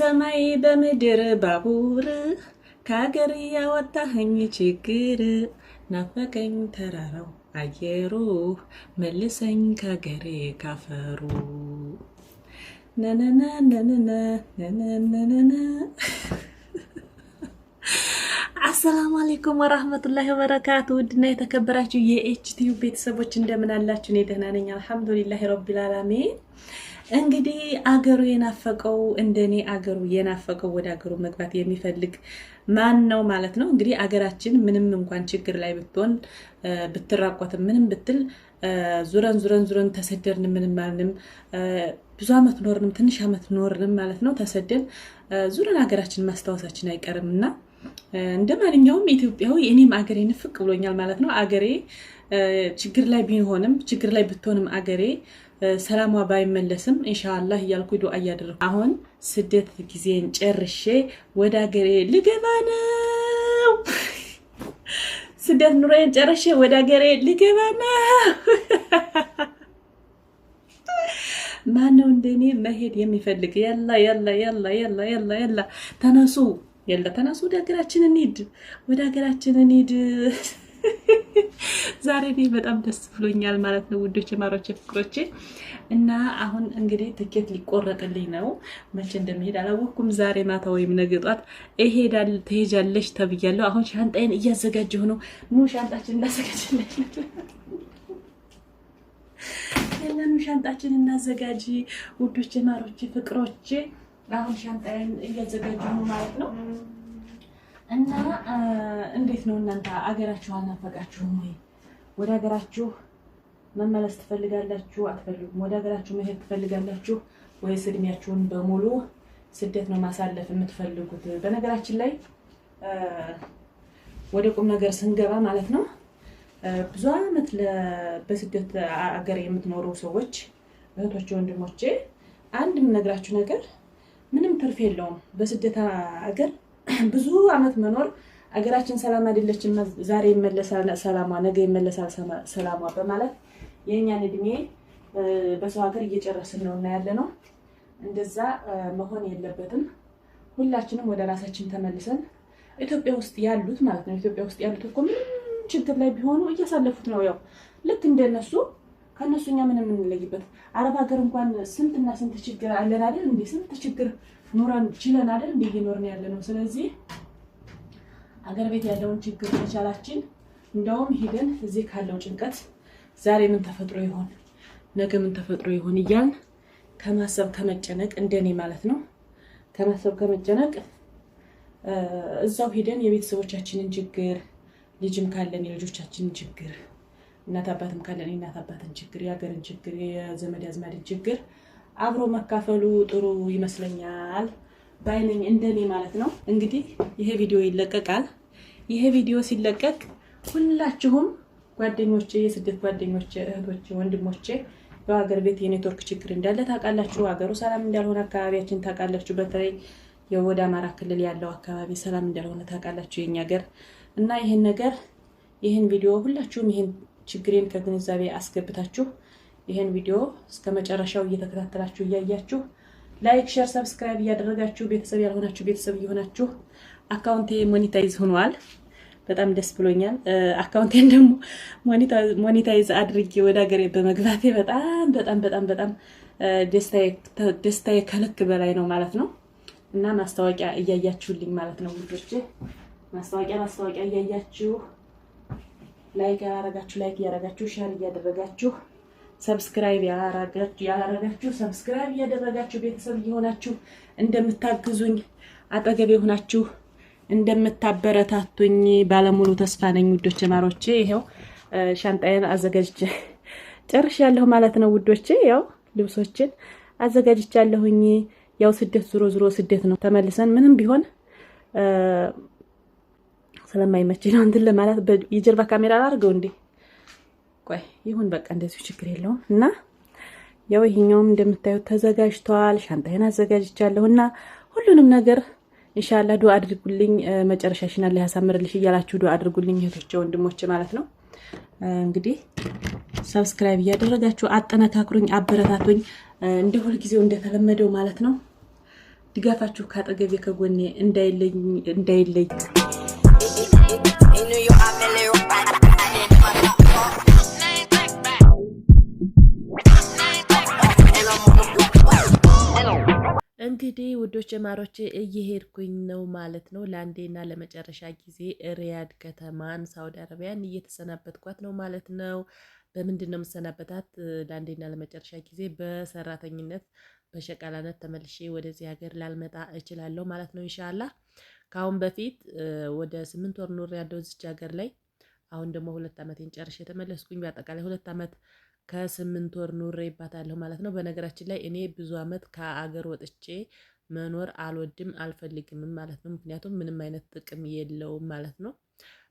በሰማይ በምድር ባቡር ከሀገር ያወጣኸኝ ችግር ናፈቀኝ ተራራው አየሩ መልሰኝ ከሀገሬ ካፈሩ ነነነ ነነነ አሰላሙ አሌይኩም ወራህመቱላሂ ወበረካቱ። ውድና የተከበራችሁ የኤችቲዩ ቤተሰቦች እንደምን አላችሁ? እኔ ደህና ነኝ አልሐምዱሊላሂ ረቢል አላሚን። እንግዲህ አገሩ የናፈቀው እንደኔ አገሩ የናፈቀው ወደ አገሩ መግባት የሚፈልግ ማን ነው ማለት ነው። እንግዲህ አገራችን ምንም እንኳን ችግር ላይ ብትሆን ብትራቆትም፣ ምንም ብትል ዙረን ዙረን ዙረን ተሰደርን ምንም ማንም ብዙ አመት ኖርንም ትንሽ አመት ኖርንም ማለት ነው ተሰደን ዙረን ሀገራችን ማስታወሳችን አይቀርም እና እንደ ማንኛውም ኢትዮጵያዊ እኔም አገሬ ንፍቅ ብሎኛል ማለት ነው። አገሬ ችግር ላይ ቢሆንም ችግር ላይ ብትሆንም አገሬ ሰላሟ ባይመለስም እንሻላህ እያልኩ ዱአ እያደረኩ አሁን ስደት ጊዜን ጨርሼ ወደ ሀገሬ ልገባ ነው። ስደት ኑሮዬን ጨርሼ ወደ ሀገሬ ልገባ ነው። ማነው እንደኔ መሄድ የሚፈልግ? ያላ ያላ ያላ ያላ ያላ ያላ ተነሱ፣ ያላ ተነሱ፣ ወደ ሀገራችን እንሂድ፣ ወደ ሀገራችን እንሂድ። ዛሬ እኔ በጣም ደስ ብሎኛል ማለት ነው ውዶች፣ የማሮች ፍቅሮች እና አሁን እንግዲህ ትኬት ሊቆረጥልኝ ነው። መቼ እንደሚሄድ አላወቅኩም። ዛሬ ማታ ወይም ነገ ጧት ይሄዳል ትሄጃለሽ ተብያለሁ። አሁን ሻንጣዬን እያዘጋጀሁ ነው። ኑ ሻንጣችን እናዘጋጅለች ያለኑ ሻንጣችን እናዘጋጅ ውዶች፣ የማሮች ፍቅሮች አሁን ሻንጣዬን እያዘጋጀሁ ነው ማለት ነው እና እንዴት ነው እናንተ አገራችሁ አልናፈቃችሁም ወይ? ወደ ሀገራችሁ መመለስ ትፈልጋላችሁ አትፈልጉም? ወደ ሀገራችሁ መሄድ ትፈልጋላችሁ ወይስ እድሜያችሁን በሙሉ ስደት ነው ማሳለፍ የምትፈልጉት? በነገራችን ላይ ወደ ቁም ነገር ስንገባ ማለት ነው ብዙ ዓመት በስደት አገር የምትኖሩ ሰዎች እህቶች፣ ወንድሞቼ አንድ የምነግራችሁ ነገር ምንም ትርፍ የለውም በስደት አገር ብዙ አመት መኖር አገራችን ሰላም አይደለችም፣ ዛሬ ይመለሳል ሰላሟ፣ ነገ ይመለሳል ሰላሟ በማለት የእኛን እድሜ በሰው ሀገር እየጨረስን ነው እና ያለ ነው። እንደዛ መሆን የለበትም። ሁላችንም ወደ ራሳችን ተመልሰን ኢትዮጵያ ውስጥ ያሉት ማለት ነው። ኢትዮጵያ ውስጥ ያሉት እኮ ምንም ችግር ላይ ቢሆኑ እያሳለፉት ነው። ያው ልክ እንደነሱ ከእነሱ እኛ ምን የምንለይበት? አረብ ሀገር እንኳን ስንትና ስንት ችግር አለን አይደል እንደ ስንት ችግር ኖረን ችለን አይደል እንደ እየኖርን ያለ ነው። ስለዚህ ሀገር ቤት ያለውን ችግር መቻላችን እንደውም ሂደን እዚህ ካለው ጭንቀት ዛሬ ምን ተፈጥሮ ይሆን ነገ ምን ተፈጥሮ ይሆን እያልን ከማሰብ ከመጨነቅ፣ እንደኔ ማለት ነው ከማሰብ ከመጨነቅ እዛው ሂደን የቤተሰቦቻችንን ችግር ልጅም ካለን የልጆቻችንን ችግር እናት አባትም ካለን የእናት አባትን ችግር፣ የሀገርን ችግር፣ የዘመድ አዝማድን ችግር አብሮ መካፈሉ ጥሩ ይመስለኛል ባይነኝ እንደኔ ማለት ነው። እንግዲህ ይሄ ቪዲዮ ይለቀቃል። ይሄ ቪዲዮ ሲለቀቅ ሁላችሁም ጓደኞቼ፣ የስደት ጓደኞቼ፣ እህቶቼ፣ ወንድሞቼ በሀገር ቤት የኔትወርክ ችግር እንዳለ ታውቃላችሁ። ሀገሩ ሰላም እንዳልሆነ አካባቢያችን ታውቃላችሁ። በተለይ የወደ አማራ ክልል ያለው አካባቢ ሰላም እንዳልሆነ ታውቃላችሁ የኛ ሀገር እና ይህን ነገር ይህን ቪዲዮ ሁላችሁም ይህን ችግሬን ከግንዛቤ አስገብታችሁ ይህን ቪዲዮ እስከ መጨረሻው እየተከታተላችሁ እያያችሁ ላይክ፣ ሸር ሰብስክራይብ እያደረጋችሁ ቤተሰብ ያልሆናችሁ ቤተሰብ እየሆናችሁ አካውንቴ ሞኒታይዝ ሆኗል። በጣም ደስ ብሎኛል። አካውንቴን ደግሞ ሞኒታይዝ አድርጌ ወደ ሀገሬ በመግባቴ በጣም በጣም በጣም በጣም ደስታዬ ከልክ በላይ ነው ማለት ነው። እና ማስታወቂያ እያያችሁልኝ ማለት ነው ውዶቼ፣ ማስታወቂያ ማስታወቂያ እያያችሁ ላይክ ያላረጋችሁ ላይክ እያረጋችሁ ሼር እያደረጋችሁ ሰብስክራይብ ያላረጋችሁ ሰብስክራይብ እያደረጋችሁ ቤተሰብ እየሆናችሁ እንደምታግዙኝ አጠገብ ሆናችሁ እንደምታበረታቱኝ ባለሙሉ ተስፋ ነኝ ውዶች ማሮቼ። ይኸው ሻንጣዬን አዘጋጅቼ ጨርሻለሁ ማለት ነው ውዶቼ። ያው ልብሶችን አዘጋጅቻለሁኝ። ያው ስደት ዞሮ ዞሮ ስደት ነው። ተመልሰን ምንም ቢሆን ስለማይመች ነው እንትን ለማለት የጀርባ ካሜራ አላርገው እንዴ? ቆይ ይሁን በቃ እንደዚሁ ችግር የለውም እና ያው ይሄኛውም እንደምታዩት ተዘጋጅቷል። ሻንጣዬን አዘጋጅቻለሁ እና ሁሉንም ነገር ኢንሻአላህ ዱአ አድርጉልኝ። ሽና ላይ ያሳምርልሽ እያላችሁ ዱአ አድርጉልኝ እህቶቼ፣ ወንድሞቼ ማለት ነው። እንግዲህ ሰብስክራይብ እያደረጋችሁ አጠነካክሩኝ፣ አበረታቱኝ። እንደ ሁልጊዜው እንደተለመደው ማለት ነው ድጋፋችሁ ከአጠገቤ ከጎኔ እንዳይለይ እንዳይለይ እንግዲህ ውዶች ማሮች እየሄድኩኝ ነው ማለት ነው። ለአንዴና ለመጨረሻ ጊዜ ሪያድ ከተማን ሳውዲ አረቢያን እየተሰናበትኳት ነው ማለት ነው። በምንድን ነው የምሰናበታት? ለአንዴና ለመጨረሻ ጊዜ በሰራተኝነት በሸቃላነት ተመልሼ ወደዚህ ሀገር ላልመጣ እችላለሁ ማለት ነው ኢንሻላ። ከአሁን በፊት ወደ ስምንት ወር ኑር ያለው እዚች ሀገር ላይ አሁን ደግሞ ሁለት ዓመቴን ጨርሼ የተመለስኩኝ በአጠቃላይ ሁለት ዓመት ከስምንት ወር ይባታለሁ ማለት ነው። በነገራችን ላይ እኔ ብዙ አመት ከአገር ወጥቼ መኖር አልወድም አልፈልግም ማለት ነው። ምክንያቱም ምንም አይነት ጥቅም የለውም ማለት ነው።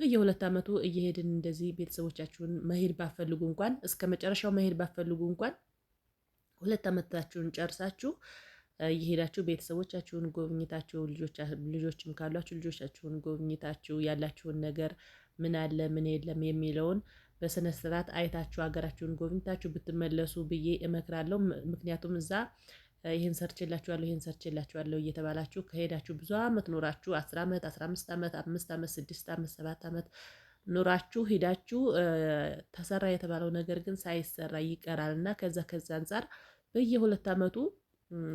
በየሁለት አመቱ እየሄድን እንደዚህ ቤተሰቦቻችሁን መሄድ ባፈልጉ እንኳን እስከ መጨረሻው መሄድ ባፈልጉ እንኳን ሁለት አመታችሁን ጨርሳችሁ እየሄዳችሁ ቤተሰቦቻችሁን ጎብኝታችሁ ልጆችም ካሏችሁ ልጆቻችሁን ጎብኝታችሁ ያላችሁን ነገር ምን አለ ምን የለም የሚለውን በስነ ስርዓት አይታችሁ ሀገራችሁን ጎብኝታችሁ ብትመለሱ ብዬ እመክራለሁ። ምክንያቱም እዛ ይህን ሰርችላችኋለሁ ይህን ሰርችላችኋለሁ እየተባላችሁ ከሄዳችሁ ብዙ ዓመት ኖራችሁ አስር ዓመት አስራ አምስት ዓመት አምስት ዓመት ስድስት ዓመት ሰባት ዓመት ኑራችሁ ሂዳችሁ ተሰራ የተባለው ነገር ግን ሳይሰራ ይቀራል እና ከዛ ከዛ አንጻር በየሁለት ዓመቱ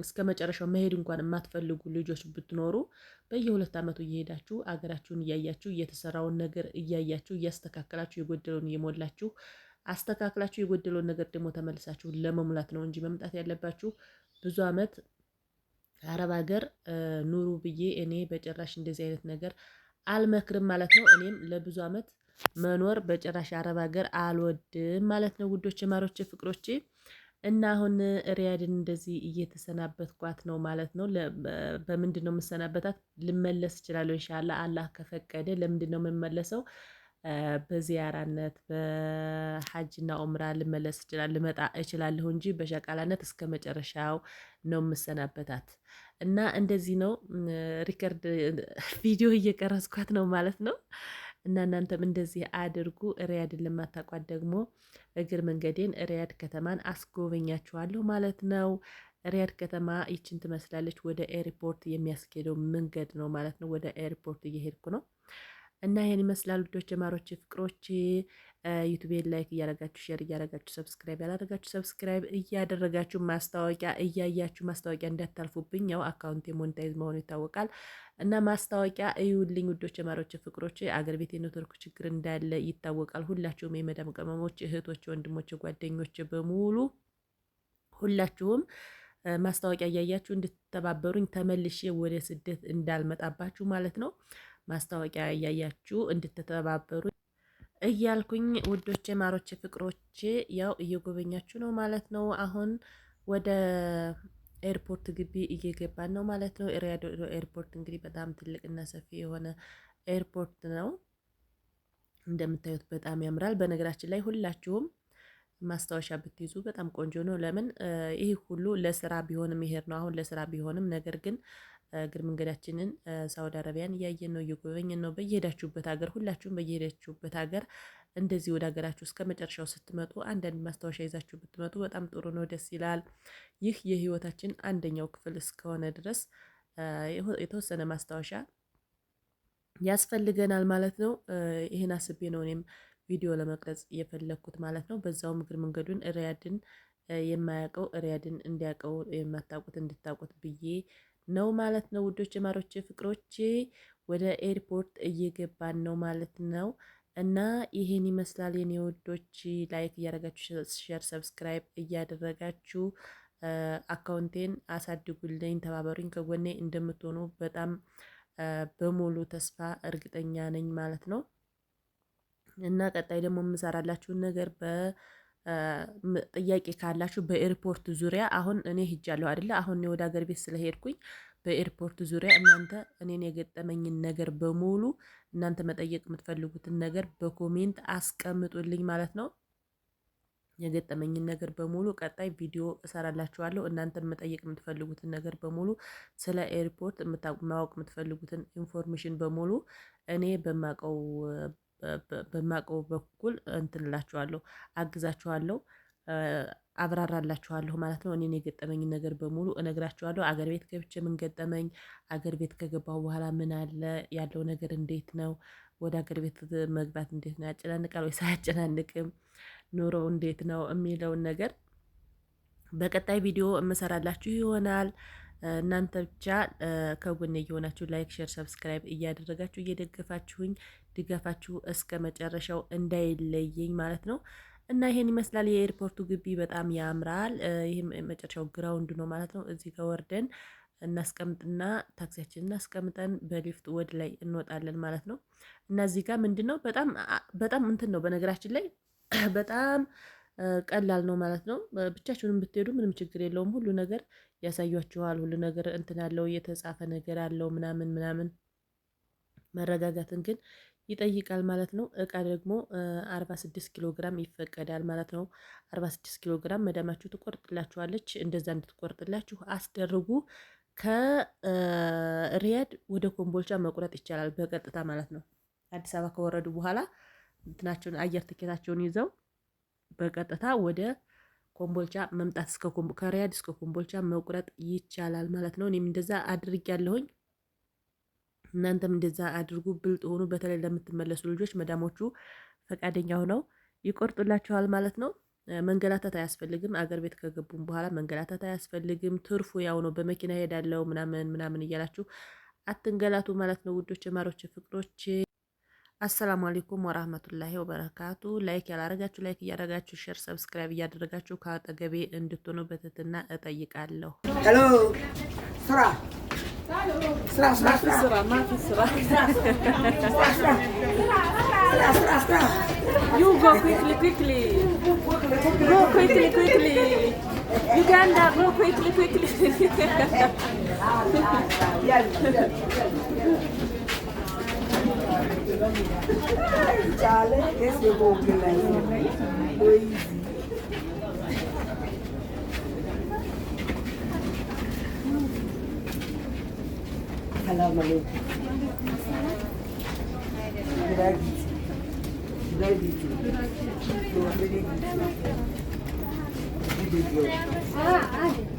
እስከ መጨረሻው መሄድ እንኳን የማትፈልጉ ልጆች ብትኖሩ በየሁለት ዓመቱ እየሄዳችሁ አገራችሁን እያያችሁ እየተሰራውን ነገር እያያችሁ እያስተካከላችሁ የጎደለውን እየሞላችሁ አስተካክላችሁ የጎደለውን ነገር ደግሞ ተመልሳችሁ ለመሙላት ነው እንጂ መምጣት ያለባችሁ ብዙ ዓመት አረብ ሀገር ኑሩ ብዬ እኔ በጭራሽ እንደዚህ አይነት ነገር አልመክርም ማለት ነው። እኔም ለብዙ ዓመት መኖር በጭራሽ አረብ ሀገር አልወድም ማለት ነው። ውዶቼ፣ ማሮቼ፣ ፍቅሮቼ እና አሁን ሪያድን እንደዚህ እየተሰናበትኳት ነው ማለት ነው። በምንድን ነው የምሰናበታት? ልመለስ እችላለሁ ኢንሻላ አላህ ከፈቀደ። ለምንድን ነው የምመለሰው? በዚያራነት በሐጅና ኦምራ ልመለስ እችላለሁ ልመጣ እችላለሁ እንጂ በሸቃላነት እስከ መጨረሻው ነው የምሰናበታት። እና እንደዚህ ነው ሪከርድ ቪዲዮ እየቀረስኳት ነው ማለት ነው። እና እናንተም እንደዚህ አድርጉ። ሪያድን ለማታቋት ደግሞ እግር መንገዴን ሪያድ ከተማን አስጎበኛችኋለሁ ማለት ነው። ሪያድ ከተማ ይችን ትመስላለች። ወደ ኤርፖርት የሚያስኬደው መንገድ ነው ማለት ነው። ወደ ኤርፖርት እየሄድኩ ነው። እና ይህን ይመስላል ውዶች ማሮች ፍቅሮች። ዩቱቤን ላይክ እያደረጋችሁ ሼር እያደረጋችሁ ሰብስክራይብ ያላደረጋችሁ ሰብስክራይብ እያደረጋችሁ ማስታወቂያ እያያችሁ ማስታወቂያ እንዳታልፉብኝ። ያው አካውንት ሞኒታይዝ መሆኑ ይታወቃል እና ማስታወቂያ እዩልኝ ውዶች ማሮች ፍቅሮች። አገር ቤት የኔትወርክ ችግር እንዳለ ይታወቃል። ሁላችሁም የመዳም ቅመሞች እህቶች፣ ወንድሞች፣ ጓደኞች በሙሉ ሁላችሁም ማስታወቂያ እያያችሁ እንድትተባበሩኝ ተመልሼ ወደ ስደት እንዳልመጣባችሁ ማለት ነው። ማስታወቂያ እያያችሁ እንድትተባበሩ እያልኩኝ ውዶቼ፣ ማሮቼ፣ ፍቅሮቼ ያው እየጎበኛችሁ ነው ማለት ነው። አሁን ወደ ኤርፖርት ግቢ እየገባን ነው ማለት ነው። ሪያዶ ኤርፖርት እንግዲህ በጣም ትልቅና ሰፊ የሆነ ኤርፖርት ነው። እንደምታዩት በጣም ያምራል። በነገራችን ላይ ሁላችሁም ማስታወሻ ብትይዙ በጣም ቆንጆ ነው። ለምን ይህ ሁሉ ለስራ ቢሆንም ይሄድ ነው አሁን ለስራ ቢሆንም ነገር ግን እግር መንገዳችንን ሳውዲ አረቢያን እያየን ነው፣ እየጎበኘን ነው። በየሄዳችሁበት ሀገር ሁላችሁም በየሄዳችሁበት ሀገር እንደዚህ ወደ ሀገራችሁ እስከ መጨረሻው ስትመጡ አንዳንድ ማስታወሻ ይዛችሁ ብትመጡ በጣም ጥሩ ነው፣ ደስ ይላል። ይህ የህይወታችን አንደኛው ክፍል እስከሆነ ድረስ የተወሰነ ማስታወሻ ያስፈልገናል ማለት ነው። ይህን አስቤ ነው እኔም ቪዲዮ ለመቅረጽ የፈለግኩት ማለት ነው። በዛውም እግር መንገዱን ሪያድን የማያውቀው ሪያድን እንዲያውቀው የማታውቁት እንድታውቁት ብዬ ነው ማለት ነው ውዶች ማሮች ፍቅሮች ወደ ኤርፖርት እየገባን ነው ማለት ነው። እና ይሄን ይመስላል የኔ ውዶች። ላይክ እያደረጋችሁ ሼር፣ ሰብስክራይብ እያደረጋችሁ አካውንቴን አሳድጉልኝ፣ ተባበሩኝ። ከጎኔ እንደምትሆኑ በጣም በሙሉ ተስፋ እርግጠኛ ነኝ ማለት ነው። እና ቀጣይ ደግሞ የምሰራላችሁን ነገር በ ጥያቄ ካላችሁ በኤርፖርት ዙሪያ አሁን እኔ ሂጃለሁ አይደለ? አሁን እኔ ወደ ሀገር ቤት ስለሄድኩኝ በኤርፖርት ዙሪያ እናንተ እኔን የገጠመኝን ነገር በሙሉ እናንተ መጠየቅ የምትፈልጉትን ነገር በኮሜንት አስቀምጡልኝ ማለት ነው። የገጠመኝን ነገር በሙሉ ቀጣይ ቪዲዮ እሰራላችኋለሁ። እናንተን መጠየቅ የምትፈልጉትን ነገር በሙሉ ስለ ኤርፖርት ማወቅ የምትፈልጉትን ኢንፎርሜሽን በሙሉ እኔ በማውቀው በማቀው በኩል እንትንላችኋለሁ፣ አግዛችኋለሁ፣ አብራራላችኋለሁ ማለት ነው። እኔን የገጠመኝ ነገር በሙሉ እነግራችኋለሁ። አገር ቤት ገብቼ ምን ገጠመኝ፣ አገር ቤት ከገባሁ በኋላ ምን አለ ያለው ነገር እንዴት ነው፣ ወደ አገር ቤት መግባት እንዴት ነው፣ ያጨናንቃል ወይስ ሳያጨናንቅም፣ ኑሮ እንዴት ነው የሚለውን ነገር በቀጣይ ቪዲዮ እመሰራላችሁ ይሆናል። እናንተ ብቻ ከጎን እየሆናችሁ ላይክ፣ ሼር፣ ሰብስክራይብ እያደረጋችሁ እየደገፋችሁኝ ድጋፋችሁ እስከ መጨረሻው እንዳይለየኝ ማለት ነው። እና ይሄን ይመስላል የኤርፖርቱ ግቢ በጣም ያምራል። ይህም መጨረሻው ግራውንድ ነው ማለት ነው። እዚህ ጋር ወርደን እናስቀምጥና ታክሲያችን እናስቀምጠን በሊፍት ወድ ላይ እንወጣለን ማለት ነው። እና እዚህ ጋር ምንድን ነው በጣም በጣም እንትን ነው በነገራችን ላይ በጣም ቀላል ነው ማለት ነው። ብቻችሁንም ብትሄዱ ምንም ችግር የለውም። ሁሉ ነገር ያሳያችኋል። ሁሉ ነገር እንትን አለው የተጻፈ ነገር አለው ምናምን ምናምን መረጋጋትን ግን ይጠይቃል ማለት ነው። እቃ ደግሞ 46 ኪሎ ግራም ይፈቀዳል ማለት ነው። 46 ኪሎ ግራም መዳማችሁ ትቆርጥላችኋለች። እንደዛ እንድትቆርጥላችሁ አስደርጉ። ከሪያድ ወደ ኮምቦልቻ መቁረጥ ይቻላል በቀጥታ ማለት ነው። አዲስ አበባ ከወረዱ በኋላ እንትናቸውን አየር ትኬታቸውን ይዘው በቀጥታ ወደ ኮምቦልቻ መምጣት እስከ ከሪያድ እስከ ኮምቦልቻ መቁረጥ ይቻላል ማለት ነው። እኔም እንደዛ አድርግ ያለሁኝ እናንተም እንደዛ አድርጉ። ብልጥ ሆኑ። በተለይ ለምትመለሱ ልጆች መዳሞቹ ፈቃደኛ ሆነው ይቆርጡላችኋል ማለት ነው። መንገላታት አያስፈልግም። አገር ቤት ከገቡም በኋላ መንገላታት አያስፈልግም። ትርፉ ያው ነው። በመኪና ሄዳለው ምናምን ምናምን እያላችሁ አትንገላቱ ማለት ነው ውዶች፣ ማሮች፣ ፍቅሮች። አሰላሙ አለይኩም ወራህመቱላሂ ወበረካቱ። ላይክ ያላረጋችሁ ላይክ እያደረጋችሁ ሼር፣ ሰብስክራይብ እያደረጋችሁ ከአጠገቤ እንድትሆኑ በትህትና እጠይቃለሁ። ሄሎ ስራ ዩጋንዳ Charlie, this will go good like crazy. Salam alaikum. Gravity. Gravity. No, very good. Ah, ah.